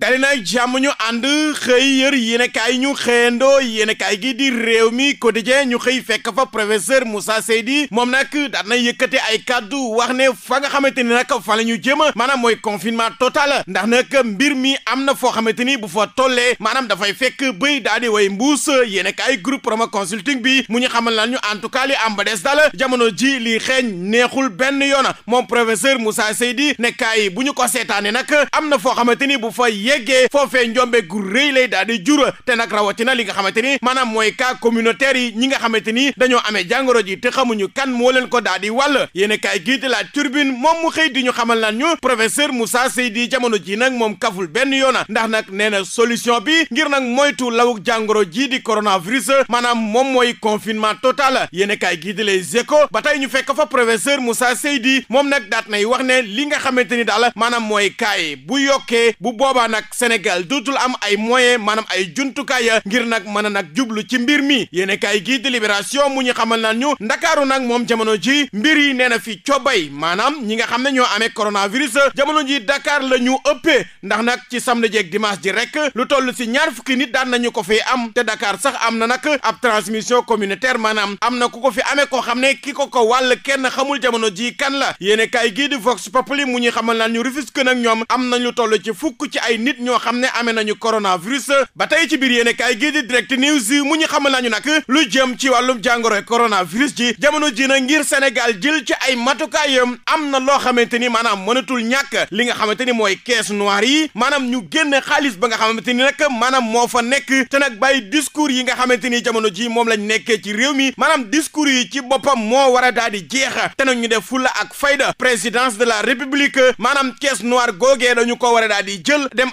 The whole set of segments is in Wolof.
dali nag jàmm ñu ànd xëy yër yéenekaay ñu xëyandoo yéenekaay gi di réew mi quotidien ñu xëy fekk fa professeur Moussa Seydi moom nag daan na yëkkate ay kàddu wax ne fa nga xamante ni nag fa la ñu jëm maanaam mooy confinement total ndax nag mbir mi am na foo xamante ni bu fa tollee maanaam dafay fekk bëy daal di way mbuus yéenekaay groupe Promo Consulting bi mu ñu xamal lan ñu en tout cas li am ba des daal jamono ji li xeeñ neexul benn yoon moom professeur Moussa Seydi ne kaay bu ñu ko seetaanee nag am na foo xamante ni bu fa yeggee foofee njombe gu rëy lay daal di jur te nag rawatina li nga xamante ni maanaam mooy cas communautaire yi ñi nga xamante ni dañoo amee jàngoro ji te xamuñu kan moo leen ko daal di wàll yéen a kaay la turbine moom mu xëy di ñu xamal naan ñu professeur Moussa Seydi jamono ji nag moom kaful benn yoona ndax nag nee na solution bi ngir nag moytu lawuk jàngoro jii di coronavirus maanaam moom mooy confinement total yéen a kaay gii di les échos ba tey ñu fekk fa professeur Moussa Seydi moom nag daat nay wax ne li nga xamante ni daal maanaam mooy kaay bu yokkee bu boobaa nag nag Sénégal dootul am ay moyen maanaam ay jumtukaay ngir nag mën a nag jublu ci mbir mi yéen kaay gii di Libération mu ñu xamal naan ñu ndakaaru nag moom jamono ji mbir yi nee na fi coobay maanaam ñi nga xam ne ñoo amee coronavirus jamono ji Dakar la ñu ëppee ndax nag ci samedi jeeg dimanche ji rek lu toll si ñaar fukki nit daan nañu ko fi am te Dakar sax am na nag ab transmission communautaire maanaam am na ku ko fi amee koo xam ne ki ko ko wàll kenn xamul jamono ji kan la yéen kaay gii di Vox Populi mu nit ñoo xam ne amee nañu coronavirus ba tey ci biir yéene kaay gii di direct news mu ñu xamal nañu nag lu jëm ci wàllum jàngoroy coronavirus ji jamono ji na ngir senegal jël ci ay matukaayam am na loo xamante ni maanaam mënatul ñàkk li nga xamante ni mooy caisse noire yi maanaam ñu génne xaalis ba nga xamante ni nag maanaam moo fa nekk te nag bàyyi discours yi nga xamante ni jamono ji moom lañ nekkee ci réew mi maanaam discours yi ci boppam moo war a daal di jeex te ñu def fulla ak fayda présidence de la république maanaam caisse noire googee dañu ko war daal di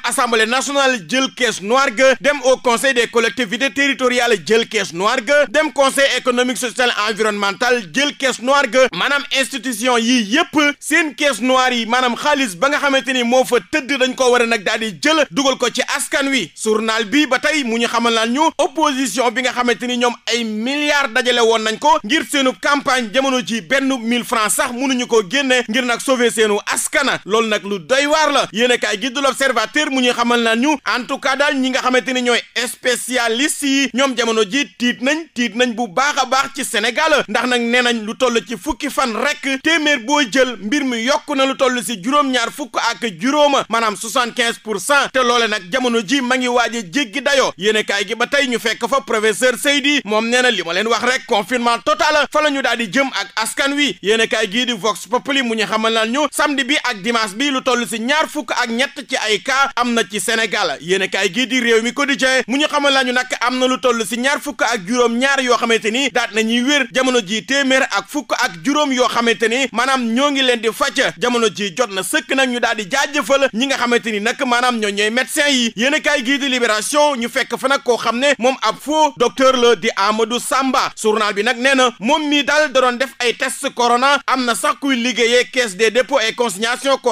assemblée national jël caisse noire ga dem au conseil des collectivités territoriales jël caisse noire ga dem conseil économique social environnemental jël caisse noire ga maanaam institution yi yëpp seen caisse noire yi maanaam xaalis ba nga xamante ni moo fa tëdd dañ ko war a nag daal di jël dugal ko ci askan wi journal bi ba tey mu ñu xamal naan ñu opposition bi nga xamante ni ñoom ay milliards dajale woon nañ ko ngir seenu campagne jamono ji benn mille francs sax mënuñu ko génne ngir nag sauver seenu askana loolu nag lu doy waar a kaay gi du l'observateur l'observateur mu ñuy xamal na ñu en tout cas daal ñi nga xamante ni ñooy spécialiste yi ñoom jamono ji tiit nañ tiit nañ bu baax a baax ci Sénégal ndax nag nee nañ lu toll ci fukki fan rek téeméer boo jël mbir mi yokk na lu toll si juróom-ñaar fukk ak juróoma maanaam 75 pour cent te loole nag jamono ji ma ngi waaj a jéggi dayoo yéen kaay gi ba tey ñu fekk fa professeur Seydi moom ne na li ma leen wax rek confinement total fa la ñu daal di jëm ak askan wi yéen kaay gii di Vox Populi mu ñu xamal na ñu samedi bi ak dimanche bi lu toll si ñaar fukk ak ñett ci ay cas am na ci Sénégal yéen kaay gii di réew mi quotidien mu ñu xamal lañu nag am na lu toll si ñaar fukk ak juróom ñaar yoo xamante ni daat nañuy wér jamono ji téeméer ak fukk ak juróom yoo xamante ni maanaam ñoo ngi leen di faj jamono ji jot na sëkk nag ñu daal di jaajëfal ñi nga xamante ni nag maanaam ñoo ñooy médecin yi yéen kaay gii di libération ñu fekk fa nag koo xam ne moom ab faux docteur la di Amadou Samba journal bi nag nee na moom mii daal da doon def ay test corona am na sax kuy liggéeyee caisse des dépôts et koo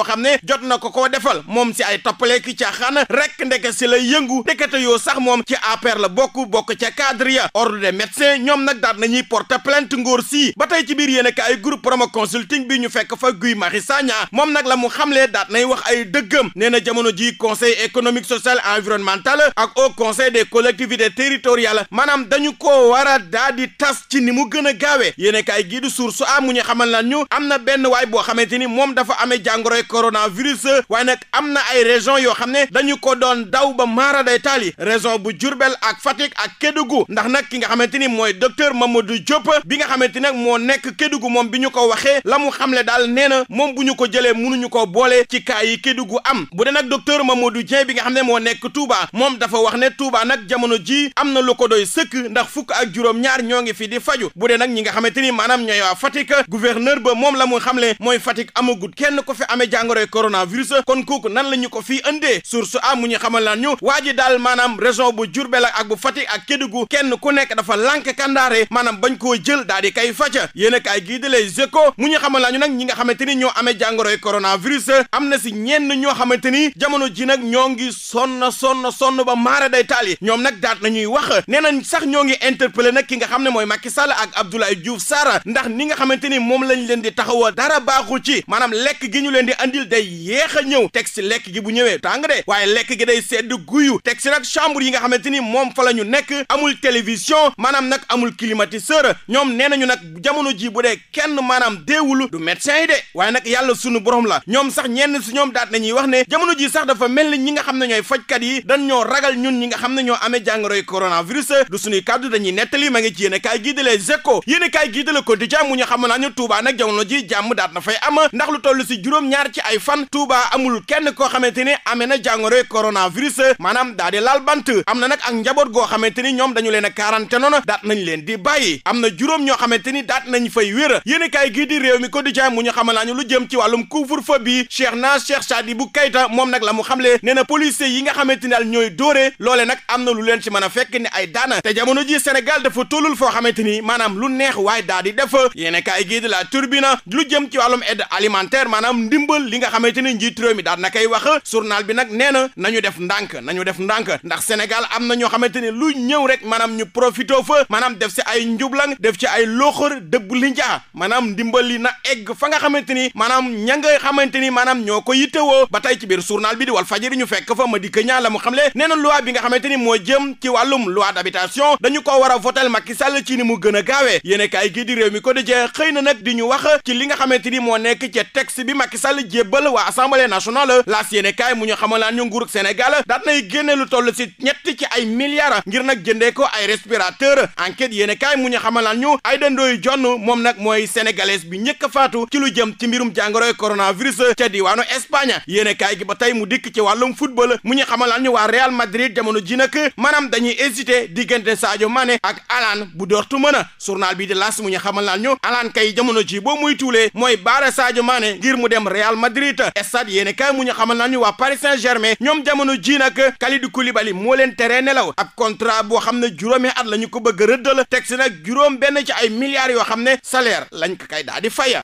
xam ne jot na ko koo defal moom si ay toppaleeki ca caaxaan rek ndeke si la yëngu ndekete yoo sax moom ci APR la bokk bokk ca cadre ya ordre des ñoom nag daal nañuy porter plainte ngóor sii ba tey ci biir yéen ak ay groupe ma consulting bi ñu fekk fa Guy Marius moom nag la mu xam xamlee daat nay wax ay dëggam nee na jamono ji conseil économique social environnemental ak au conseil des collectivités territoriales maanaam dañu koo war a daal di tas ci ni mu gën a gaawee yéen kaay gii du suur su am mu ñu xamal ñu am na benn waay boo xamante ni moom dafa amee jàngoroy coronavirus waaye nag am na ay région yoo xam xam ne dañu ko doon daw ba maara day taal bu Diourbel ak Fatick ak Kédougou ndax nag ki nga xamante ni mooy docteur Mamadou Diop bi nga xamante nag moo nekk Kédougou moom bi ñu ko waxee la mu xamle daal nee na moom bu ñu ko jëlee mënuñu ko boole ci cas yi Kédougou am bu dee nag docteur Mamadou Dieng bi nga xam ne moo nekk Touba moom dafa wax ne Touba nag jamono jii am na lu ko doy sëkk ndax fukk ak juróom-ñaar ñoo ngi fi di faju bu dee nag ñi nga xamante ni maanaam ñooy waa Fatick gouverneur ba moom la mu xamle mooy Fatick amagut kenn ko fi amee jàngoroy coronavirus kon kooku nan la ñu ko fii ëndee boobee source a mu ñu xamal lan ñu waa ji daal maanaam région bu Diourbel ak bu Fatick ak Kédougou kenn ku nekk dafa lànk kandaare maanaam bañ koo jël daal di kay faj yéen a kaay gii di mu ñu xamal lan ñu nag ñi nga xamante ni ñoo amee jàngoroy coronavirus am na si ñenn ñoo xamante ni jamono ji nag ñoo ngi sonn sonn sonn ba maara day taal yi ñoom nag daat nañuy wax nee nañ sax ñoo ngi interpellé nag ki nga xam ne mooy Macky Sall ak Abdoulaye Diouf Sarr ndax ni nga xamante ni moom lañ leen di taxawoo dara baaxul ci maanaam lekk gi ñu leen di andil day yéex a ñëw teg si lekk gi bu ñëwee tàng de waaye lekk gi day sedd guyu teg si nag chambre yi nga xamante ni moom fa la ñu nekk amul télévision maanaam nag amul climatiseur ñoom nee nañu nag jamono ji bu dee kenn maanaam déewul du médecin yi de waaye nag yàlla sunu borom la ñoom sax ñenn si ñoom daat nañuy wax ne jamono ji sax dafa mel ni ñi nga xam ne ñooy fajkat yi dañ ñoo ragal ñun ñi nga xam ne ñoo amee jàngoroy coronavirus du suñuy kàddu dañuy nettali ma ci yéen kaay gii de Les Échos yéen ne jàngoroy coronavirus maanaam daa di laal bant am na nag ak njaboot goo xamante ni ñoom dañu leen a quarantaine noonu daat nañ leen di bàyyi am na juróom ñoo xamante ni daat nañ fay wér yéen kaay gii di réew mi quotidien mu ñu xamal ñu lu jëm ci wàllum couvre-feu bi Cheikh na Cheikh Sadibou Keita moom nag la mu xamle nee na policiers yi nga xamante ni daal ñooy dóore loole nag am na lu leen a fekk ni ay daana te jamono ji Sénégal dafa tollul foo xamante ni maanaam lu neex waaye daa di def yéen kaay gii di la turbine lu jëm ci wàllum maanaam ndimbal li nga xamante ni njiit mi daal na koy wax nag nee na nañu def ndànk nañu def ndànk ndax Sénégal am na ñoo xamante ni lu ñëw rek maanaam ñu profito fa maanaam def si ay njublang def ci ay looxor dëbb li njaa maanaam ndimbal li na egg fa nga xamante ni maanaam ña nga xamante ni maanaam ñoo ko yittewoo ba tey ci biir journal bi di Walf Fadjri ñu fekk fa ma di ñaa la xam le nee na loi bi nga xamante ni moo jëm ci wàllum loi d'habitation dañu ko war a votel Macky Sall ci ni mu gën a gaawee yéene kaay gii di réew mi ko dëjee xëy na nag di ñu wax li nga xamante ni moo nekk ci texte bi Macky Sall jébbal waa assemblée nationale laas yéene kaay mu ñu xamalaan ñu nguurug Sénégal daat nay génne lu toll si ñett ñett ci ay milliards ngir nag jëndee ko ay respirateur enquête yéen kaay mu ñu xamalal ñu Aïda Ndoye Dione moom nag mooy sénégalaise bi njëkk a faatu ci lu jëm ci mbirum jàngoroy coronavirus ca diwaanu Espagne yéen kaay gi ba tey mu dikk ci wàllum football mu ñu xamalal ñu waa Real Madrid jamono ji nag maanaam dañuy hésité diggante Sadio Mané ak Alan bu Dortmund journal bi di las mu ñu xamalal ñu Alan kay jamono ji boo muy tuulee mooy baara Sadio Mané ngir mu dem Real mu ñu xamal naa ñu waa Paris Saint-Germain ñoom ji nag Kalidou tere nelaw ab contrat boo xam ne juróomi at la ñu ko bëgg a rëddal teg si nag juróom benn ci ay milliards yoo xam ne salaire lañ ko kay daal di faya